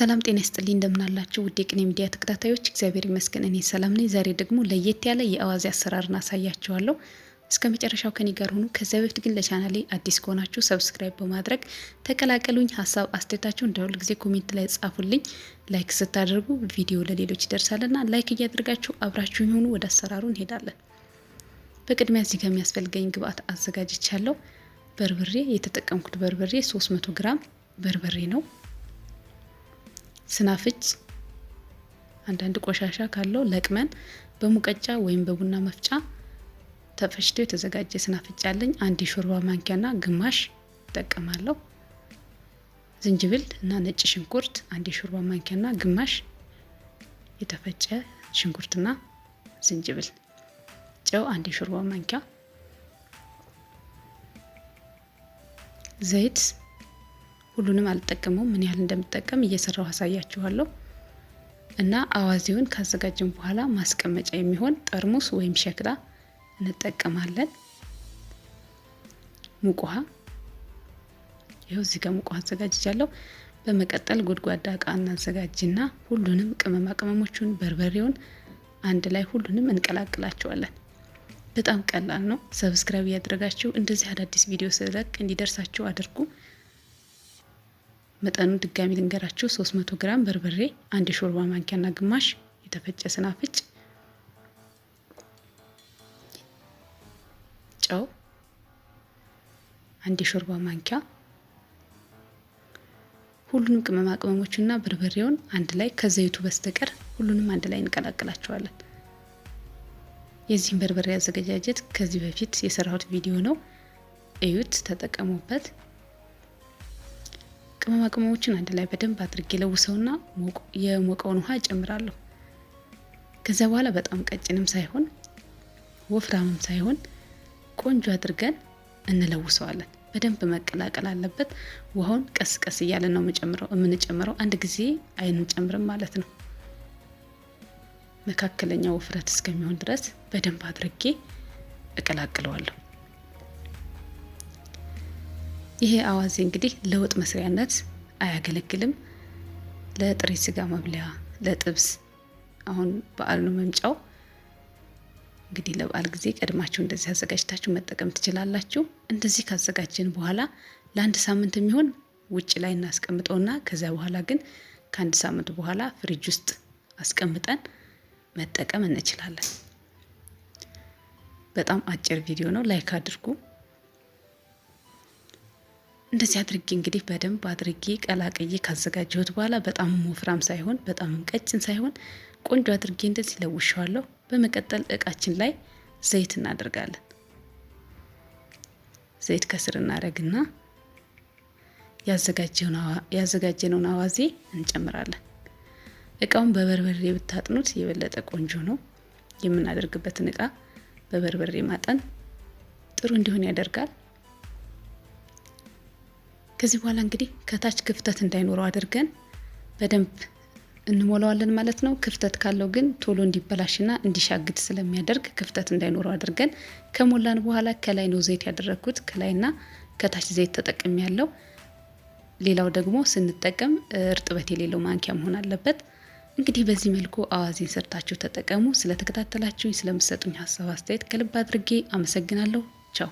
ሰላም ጤና ይስጥልኝ እንደምናላችሁ ውድ የቅኔ ሚዲያ ተከታታዮች፣ እግዚአብሔር ይመስገን እኔ ሰላም ነኝ። ዛሬ ደግሞ ለየት ያለ የአዋዜ አሰራርን አሳያችኋለሁ። እስከ መጨረሻው ከኔ ጋር ሆኑ። ከዚያ በፊት ግን ለቻናሌ አዲስ ከሆናችሁ ሰብስክራይብ በማድረግ ተቀላቀሉኝ። ሀሳብ አስተያየታችሁ እንደ ሁል ጊዜ ኮሜንት ላይ ጻፉልኝ። ላይክ ስታደርጉ ቪዲዮ ለሌሎች ይደርሳልና ላይክ እያደርጋችሁ አብራችሁ ሆኑ። ወደ አሰራሩ እንሄዳለን። በቅድሚያ እዚህ ከሚያስፈልገኝ የሚያስፈልገኝ ግብአት አዘጋጅቻለሁ። በርበሬ የተጠቀምኩት በርበሬ 300 ግራም በርበሬ ነው። ስናፍጭ አንዳንድ ቆሻሻ ካለው ለቅመን በሙቀጫ ወይም በቡና መፍጫ ተፈጭቶ የተዘጋጀ ስናፍጭ አለኝ። አንድ የሾርባ ማንኪያና ግማሽ እጠቀማለሁ። ዝንጅብል እና ነጭ ሽንኩርት አንድ የሾርባ ማንኪያና ግማሽ የተፈጨ ሽንኩርትና ዝንጅብል፣ ጨው አንድ የሾርባ ማንኪያ ዘይት ሁሉንም አልጠቀመውም። ምን ያህል እንደምጠቀም እየሰራው አሳያችኋለሁ። እና አዋዜውን ካዘጋጀን በኋላ ማስቀመጫ የሚሆን ጠርሙስ ወይም ሸክላ እንጠቀማለን። ሙቅ ውሃ ይኸው እዚህ ጋር ሙቅ ውሃ አዘጋጅቻለሁ። በመቀጠል ጎድጓዳ እቃ እናዘጋጅና ሁሉንም ቅመማ ቅመሞቹን በርበሬውን አንድ ላይ ሁሉንም እንቀላቅላቸዋለን። በጣም ቀላል ነው። ሰብስክራይብ እያደረጋችሁ እንደዚህ አዳዲስ ቪዲዮ ስለቅ እንዲደርሳችሁ አድርጉ። መጠኑ ድጋሚ ልንገራችሁ፣ 300 ግራም በርበሬ፣ አንድ የሾርባ ማንኪያና ግማሽ የተፈጨ ስናፍጭ፣ ጨው፣ አንድ የሾርባ ማንኪያ። ሁሉንም ቅመማ ቅመሞችና በርበሬውን አንድ ላይ ከዘይቱ በስተቀር ሁሉንም አንድ ላይ እንቀላቅላቸዋለን። የዚህን በርበሬ አዘገጃጀት ከዚህ በፊት የሰራሁት ቪዲዮ ነው፣ እዩት፣ ተጠቀሙበት። ቅመማ ቅመሞችን አንድ ላይ በደንብ አድርጌ ለውሰውና የሞቀውን ውሃ እጨምራለሁ። ከዚያ በኋላ በጣም ቀጭንም ሳይሆን ወፍራምም ሳይሆን ቆንጆ አድርገን እንለውሰዋለን። በደንብ መቀላቀል አለበት። ውሃውን ቀስ ቀስ እያለ ነው የምንጨምረው። አንድ ጊዜ አይንጨምርም ማለት ነው። መካከለኛ ውፍረት እስከሚሆን ድረስ በደንብ አድርጌ እቀላቅለዋለሁ። ይሄ አዋዜ እንግዲህ ለወጥ መስሪያነት አያገለግልም። ለጥሬ ስጋ መብለያ፣ ለጥብስ አሁን ነው መምጫው እንግዲህ ለበዓል ጊዜ ቀድማችሁ እንደዚህ አዘጋጅታችሁ መጠቀም ትችላላችሁ። እንደዚህ ካዘጋጀን በኋላ ለአንድ ሳምንት የሚሆን ውጭ ላይ እናስቀምጠውና ከዚያ በኋላ ግን ከአንድ ሳምንት በኋላ ፍሪጅ ውስጥ አስቀምጠን መጠቀም እንችላለን። በጣም አጭር ቪዲዮ ነው። ላይክ አድርጉ። እንደዚህ አድርጌ እንግዲህ በደንብ አድርጌ ቀላቅዬ ካዘጋጀሁት በኋላ በጣም ወፍራም ሳይሆን በጣም ቀጭን ሳይሆን ቆንጆ አድርጌ እንደዚህ ለውሸዋለሁ። በመቀጠል እቃችን ላይ ዘይት እናደርጋለን። ዘይት ከስር እናደርግና ያዘጋጀነውን አዋዜ እንጨምራለን። እቃውን በበርበሬ ብታጥኑት የበለጠ ቆንጆ ነው። የምናደርግበትን እቃ በበርበሬ ማጠን ጥሩ እንዲሆን ያደርጋል። ከዚህ በኋላ እንግዲህ ከታች ክፍተት እንዳይኖረው አድርገን በደንብ እንሞላዋለን ማለት ነው። ክፍተት ካለው ግን ቶሎ እንዲበላሽና እንዲሻግድ ስለሚያደርግ ክፍተት እንዳይኖረው አድርገን ከሞላን በኋላ ከላይ ነው ዘይት ያደረግኩት። ከላይና ከታች ዘይት ተጠቅም ያለው። ሌላው ደግሞ ስንጠቀም እርጥበት የሌለው ማንኪያ መሆን አለበት። እንግዲህ በዚህ መልኩ አዋዜን ሰርታችሁ ተጠቀሙ። ስለተከታተላችሁኝ፣ ስለምሰጡኝ ሀሳብ አስተያየት ከልብ አድርጌ አመሰግናለሁ። ቻው